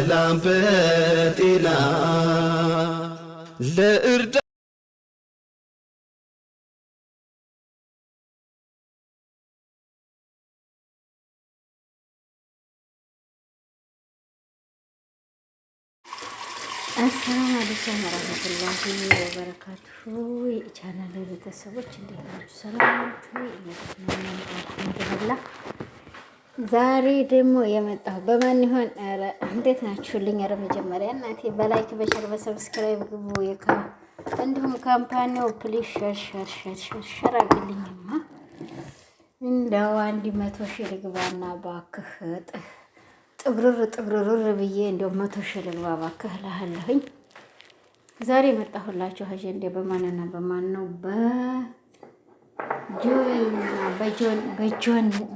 በሰላም በጤና ለእርዳ አሰላም አለይኩም ወራህመቱላሂ ወበረካቱሁ። የቻናል ቤተሰቦች እንዴት ናችሁ? ሰላም ናችሁ? ይመስገን አልሐምዱሊላህ ዛሬ ደግሞ የመጣሁ በማን ይሆን? ኧረ እንዴት ናችሁልኝ? ኧረ መጀመሪያ እናቴ በላይክ በሸር በሰብስክራይብ ግቡ። እንዲሁም ካምፓኒው ፕሊዝ ሸርሸርሸርሸር አግልኝማ እንደው አንድ መቶ ሺህ ልግባና ባክህ ጥብርር ጥብርርር ብዬ እንደው መቶ ሺህ ልግባ ባክህ እልሃለሁኝ። ዛሬ የመጣሁላችሁ አጀንዳ በማንና በማን ነው በ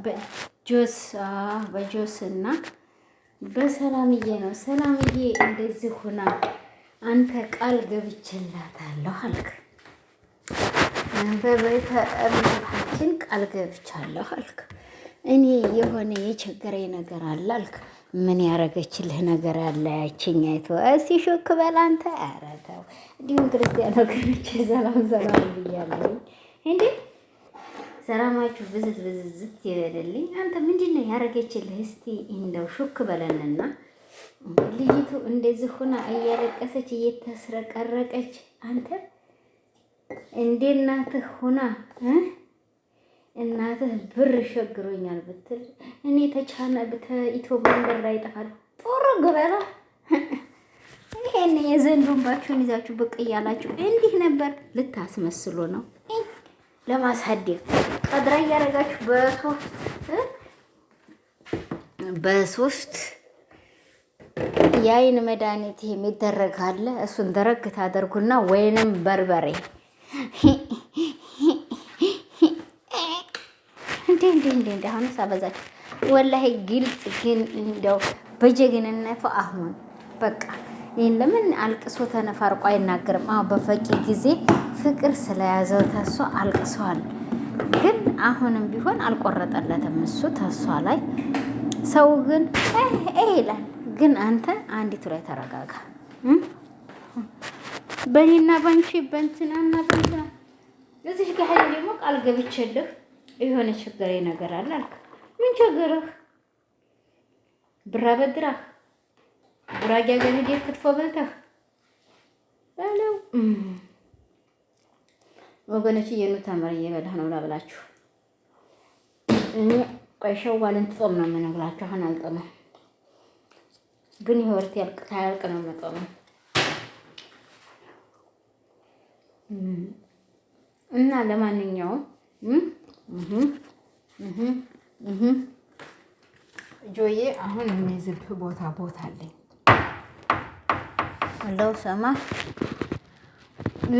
በጆስ በጆስ እና በሰላምዬ ነው። ሰላምዬ እንደዚህ ሁና አንተ ቃል ገብቼላታለሁ አልክ። በቤተ እምነታችን ቃል ገብቻለሁ አልክ። እኔ የሆነ የቸገረኝ ነገር አለ አልክ። ምን ያረገችልህ ነገር አለ? ያችኝ አይቶ እስኪ ሹክ በል አንተ። ኧረ ተው። እንዲሁም ክርስቲያን ወገኖች ሰላም ሰላም ብያለሁ እንዴ ሰላማችሁ ብዝት ብዝዝት ይበልልኝ። አንተ ምንድን ነው ያደረገችልህ? እስቲ እንደው ሹክ በለንና ልጅቱ እንደዚህ ሆና እያለቀሰች እየተስረቀረቀች፣ አንተ እንደ እናትህ ሆና እናትህ ብር ሸግሮኛል ብትል እኔ ተቻነ በኢትዮ መንገድ ላይ ይጠፋል ጦር ግበላ። ይሄን የዘንዶንባችሁን ይዛችሁ ብቅ እያላችሁ እንዲህ ነበር ልታስመስሉ ነው። ለማሳደግ ቀድራ እያደረጋችሁ በሶፍት በሶፍት የአይን መድኃኒት የሚደረግ አለ። እሱን ደረግ ታደርጉና ወይንም በርበሬ እንዴ እንዴ እንዴ እንዴ አሁን ሳበዛችሁ ወላሂ ግልጽ ግን እንደው በጀግንነቱ አሁን በቃ ይህን ለምን አልቅሶ ተነፋርቆ አይናገርም? አዎ በፈቂ ጊዜ ፍቅር ስለያዘው ተሶ አልቅሰዋል። ግን አሁንም ቢሆን አልቆረጠለትም እሱ ተሷ ላይ ሰው ግን ይሄ ይላል። ግን አንተ አንዲቱ ላይ ተረጋጋ። በኔና በንቺ በንትናና በንትና እዚህ ጋር ደግሞ ቃል ገብቼልህ የሆነ ችግር ነገር አለ አልክ። ምን ችግርህ? ብር አበድራህ ጉራጌ ሀገር ሂደህ ክትፎ በልተህ በለው ወገኖች፣ እየኑ ተምር እየበላህ ነው ላብላችሁ። እኔ ቆይ ሸዋልን ትጾም ነው የምነግራችሁ። አሁን አልጠመም ግን ህይወት ያልቅ ታያልቅ ነው መጠመም እና ለማንኛውም ጆዬ አሁን የሚዝብህ ቦታ ቦታ አለኝ አለው ሰማ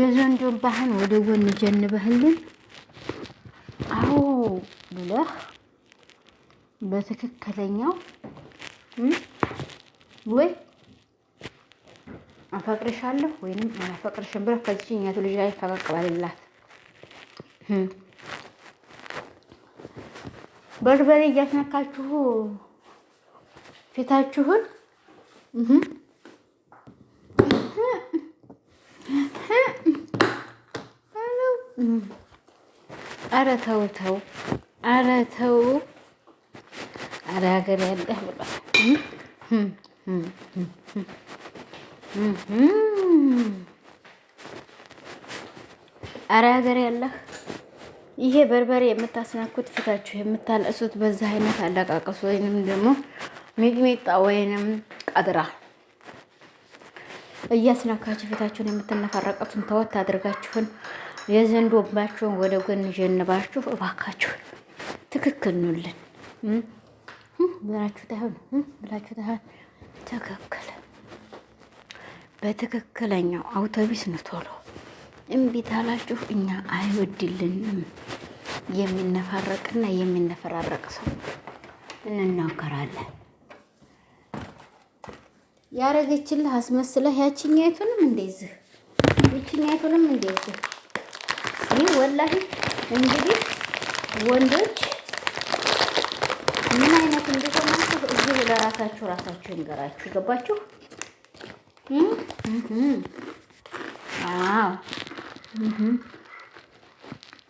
የዘንዶን ባህን ወደ ጎን ጀንበህልን። አዎ ብለህ በትክክለኛው ወይ አፈቅርሻለሁ ወይንም አላፈቅርሽም ብለህ ከዚህኛቱ ልጅ ላይ ፈቀቅ በልላት። በርበሬ እያስነካችሁ ፊታችሁን አረ ተው ተው፣ አረ ተው፣ አረ ሀገር ያለህ ብሏል። አረ ሀገር ያለህ ይሄ በርበሬ የምታስናኩት ፊታችሁ የምታለእሱት በዛ አይነት አለቃቀሱ ወይንም ደግሞ ሚጥሚጣ ወይንም ቀድራ እያስናካችሁ ፊታችሁን የምትነፋረቀቱን ተወት አድርጋችሁን የዘንዶባቸውን ወደ ጎን ጀንባችሁ እባካችሁ ትክክል ኑልን ብላችሁ ታይሆን ብላችሁ ታይሆን ትክክል በትክክለኛው አውቶቢስ ነው ቶሎ እምቢታላችሁ እኛ አይወድልንም። የሚነፋረቅና የሚነፈራረቅ ሰው እንናገራለን። ያረገችልህ አስመስለህ ያችኛይቱንም እንደዚህ ይችኛይቱንም እንደዚህ ይህ ወላሂ እንግዲህ ወንዶች ምን አይነት እንደሆናችሁ እዚህ ለራሳችሁ ራሳችሁ እንገራችሁ። ገባችሁ? አዎ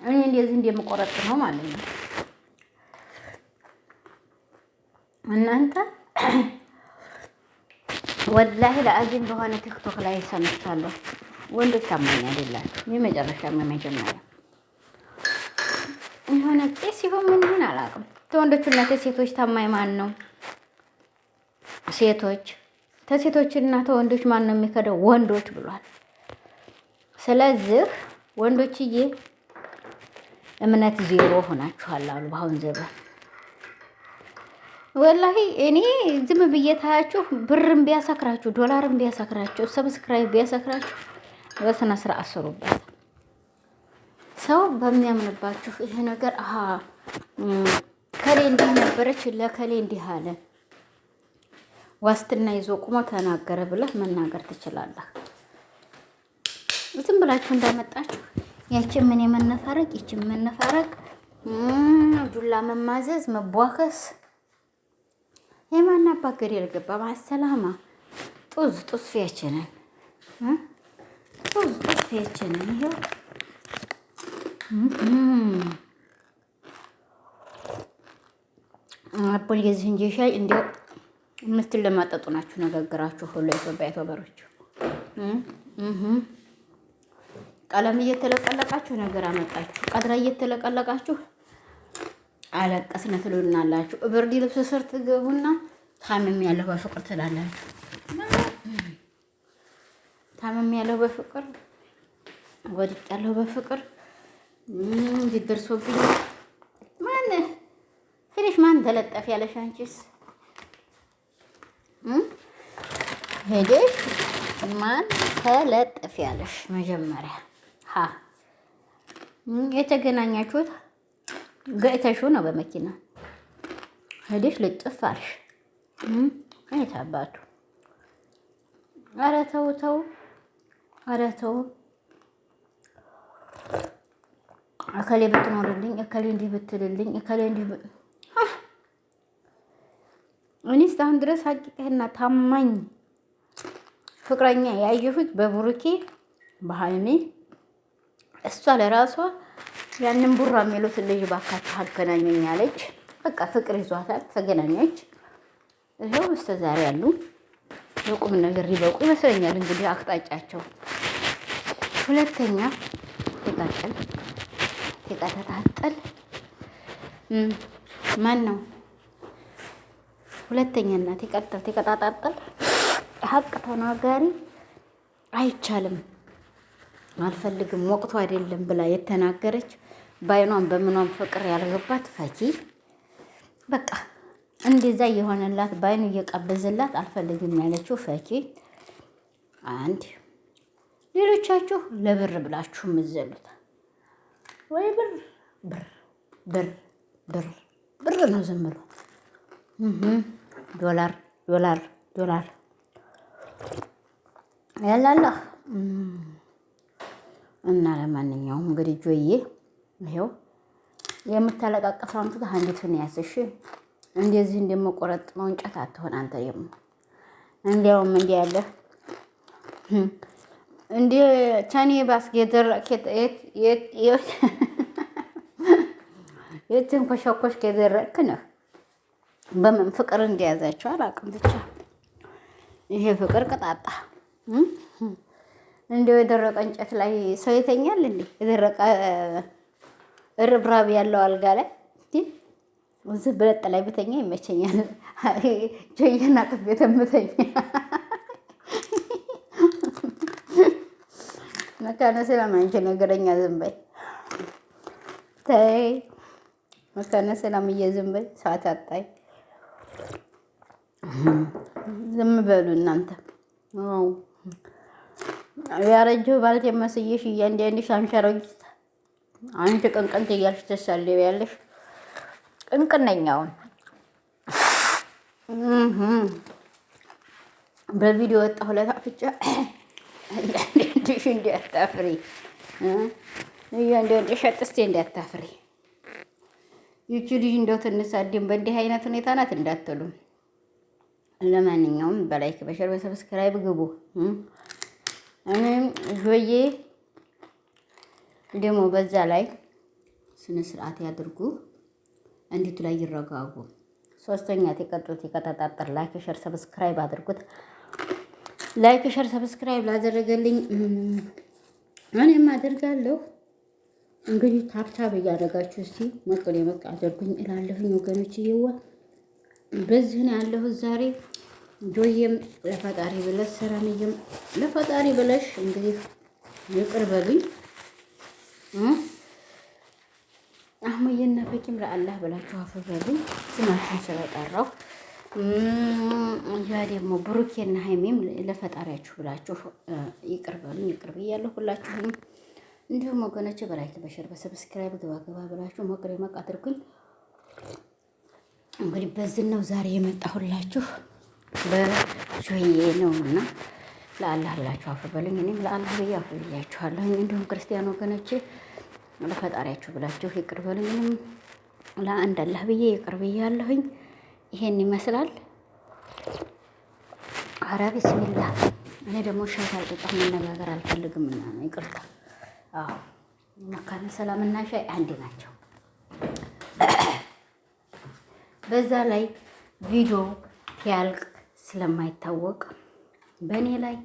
እኔ እንደዚህ እንደምቆረጥ ነው ማለት ነው። እናንተ ወላሂ ለአዚም በሆነ ቲክቶክ ላይ ሰምቻለሁ። ወንዶች ታማኝ አይደላችሁ። የመጨረሻም የመጀመሪያ የሆነ ቄስ ሲሆን ምን ይሁን አላውቅም። ተወንዶቹና ተሴቶች ታማኝ ማን ነው? ሴቶች ተሴቶችና ተወንዶች ማን ነው የሚከደው? ወንዶች ብሏል። ስለዚህ ወንዶችዬ እምነት ዜሮ ሆናችኋል አሉ በአሁን ዘበን። ወላሂ እኔ ዝም ብዬ ታያችሁ፣ ብርም ቢያሰክራችሁ፣ ዶላርም ቢያሰክራችሁ፣ ሰብስክራይብ ቢያሰክራችሁ በስነ ስርዓት ስሩበት። ሰው በሚያምንባችሁ ይሄ ነገር አሀ ከሌ እንዲህ ነበረች ለከሌ እንዲህ አለ ዋስትና ይዞ ቁሞ ተናገረ ብለህ መናገር ትችላለህ። ዝም ብላችሁ እንዳመጣችሁ ያችን ምን የመነፋረቅ ይችን መነፋረቅ፣ ዱላ መማዘዝ፣ መቧከስ የማናባ ገደል ገባ ማሰላማ ጡዝ ጡዝ ያችንን ጦስጦስ ፌቼ ነኝ። ይሄው አቦል የዚህ እንጂ ሻይ እንዲያው የምትለማጠጡ ናችሁ ነጋግራችሁ ሁሉ ኢትዮጵያ ተበሮች ቀለም እየተለቀለቃችሁ ነገር አመጣችሁ፣ ቀድራ እየተለቀለቃችሁ አለቀስነ ትሉናላችሁ። ብርድ ልብስ ስር ትገቡና ታምም ያለሁ በፍቅር ትላላችሁ። ታመም ያለው በፍቅር ወድቅ ያለው በፍቅር እንዴት ማን ሄደሽ ማን ተለጠፍ ያለሽ አንቺስ ሄደሽ ማን ተለጠፍ ያለሽ መጀመሪያ ሀ የተገናኛችሁት ገእተሽው ነው በመኪና ሄደሽ ልጥፍ አልሽ የት ተው ተው ኧረ ተው እከሌ ብትኖርልኝ፣ እከሌ እንዲህ ብትልልኝ፣ እከሌ እንዲህ እኔ እስካሁን ድረስ ሀቂቅህና ታማኝ ፍቅረኛ ያየሁት በቡሩኬ በሀይሜ እሷ ለራሷ ያንን ቡራ የሚሉትን ልጅ ባካችሁ አገናኘኝ አለች። በቃ ፍቅር ይዟታል፣ ተገናኘች። ይኸው እስከ ዛሬ ያሉ ለቁም ነገር ሊበቁ ይመስለኛል። እንግዲህ አቅጣጫቸው ሁለተኛ ቴቃጠል ቴቃተታጠል ማን ነው? ሁለተኛና ተቀጣ ቴቀጣጣጠል ሀቅ ተናጋሪ አይቻልም አልፈልግም ወቅቱ አይደለም ብላ የተናገረች በአይኗም በምኗም ፍቅር ያልገባት ፈኪ በቃ እንደዛ እየሆነላት በአይኑ እየቀበዝላት አልፈልግም ያለችው ፈኪ አንድ ሌሎቻችሁ ለብር ብላችሁ የምትዘሉት ወይ ብር ብር ብር ብር ብር ነው ዝም ብሎ ዶላር ዶላር ዶላር ያላለህ እና ለማንኛውም እንግዲህ ጆዬ ይኸው የምታለቃቀፈ አምጥተህ አንዲቱን ያስሽ እንደዚህ እንደምቆረጥመው እንጨት አትሆን አንተ። ደግሞ እንዲያውም እንዲህ ያለ እንደ ቻኔ ባስጌደር የትን ኮሸኮሽ ከደረክ ነህ። በምን ፍቅር እንደያዛቸው አላውቅም። ብቻ ይሄ ፍቅር ቅጣጣ እንደው የደረቀ እንጨት ላይ ሰው ይተኛል እንዴ? የደረቀ ርብራብ ያለው አልጋ ላይ እዚህ ብረጥ ላይ ብተኛ ይመቸኛል። ጆየና ቅቤ የተምተኛ መካነ ሰላም አንቺ ነገረኛ ዝም በይ ተይ። መካነ ሰላም እየዝም በይ ሰዓት አጣይ። ዝም በሉ እናንተ። ያረጀው ባልቴ መስዬሽ እያንዳንድሽ አንሸረጅ አሮጊት አንቺ ቅንቅንት እያልሽ ተሳልቢያለሽ እንቅነኛውን በቪዲዮ ወጣሁ ለታፍጫ እያንዳንድሽ እንዳታፍሪ እያንዳንድሽ አጥስቴ እንዳታፍሪ። ይቺ ልጅ እንደው ትንሳድም በእንዲህ አይነት ሁኔታ ናት እንዳትሉ ለማንኛውም በላይክ በሸር በሰብስክራይብ ግቡ። እኔም ጆዬ ደግሞ በዛ ላይ ስነ ስርዓት ያድርጉ። እንዲቱ ላይ ይረጋጉ። ሶስተኛ ተቀጥሉት የቀጣጣጠር ላይክ ሸር ሰብስክራይብ አድርጉት። ላይክ ሸር ሰብስክራይብ ላደረገልኝ እኔም አደርጋለሁ። እንግዲህ ታብታብ እያደረጋችሁ እስቲ መቀሌ መቅ አድርጉኝ እላለሁኝ ወገኖች። እየዋ በዚህ ነው ያለሁት ዛሬ። ጆዬም ለፈጣሪ ብለሽ ሰላምዬም ለፈጣሪ ብለሽ እንግዲህ ይቅር በሉኝ። አህሙዬና ፈኪም ለአላህ ብላችሁ አፈበሉኝ ስማችን ስለጠራሁ ያ ደግሞ ብሩኬና ሀይሜም ለፈጣሪያችሁ ብላችሁ ይቅር ይቅርብ እያለሁ ሁላችሁም። እንዲሁም ወገኖች በላይክ በሸር በሰብስክራይብ ግባግባ ብላችሁ ሞቅሬ ሞቅ አድርጉኝ። እንግዲህ በዝን ነው ዛሬ የመጣሁላችሁ በጆዬ ነው እና ለአላህ ብላችሁ አፈበሉኝ። እኔም ለአላህ ብዬ አፈብያችኋለሁኝ። እንዲሁም ክርስቲያን ወገኖቼ ለፈጣሪያችሁ ብላችሁ ይቅር በሉኝም ለአንድ አላህ ብዬ ይቅር ብያለሁኝ። ይሄን ይመስላል። አረ ብስሚላ እኔ ደግሞ ሻት አልጠጣም፣ መነጋገር አልፈልግም ና ይቅርታ። አዎ መካነ ሰላም እና ሻይ አንድ ናቸው። በዛ ላይ ቪዲዮ ያልቅ ስለማይታወቅ በእኔ ላይ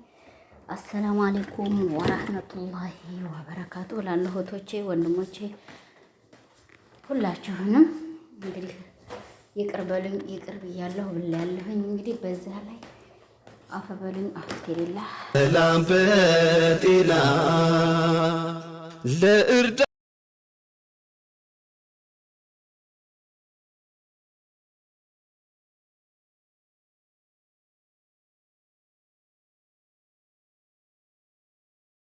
አሰላሙ አሌይኩም ወራህመቱላሂ ወበረካቱ ላለሁ እህቶቼ ወንድሞቼ ሁላችሁንም እንግዲህ ይቅርበልኝ ይቅርብ እያለሁ ብያለሁ ብላለሁኝ። እንግዲህ በዛ ላይ አፈ በሉኝ። አፍቴሌላ ላምበጤላ ለእርዳ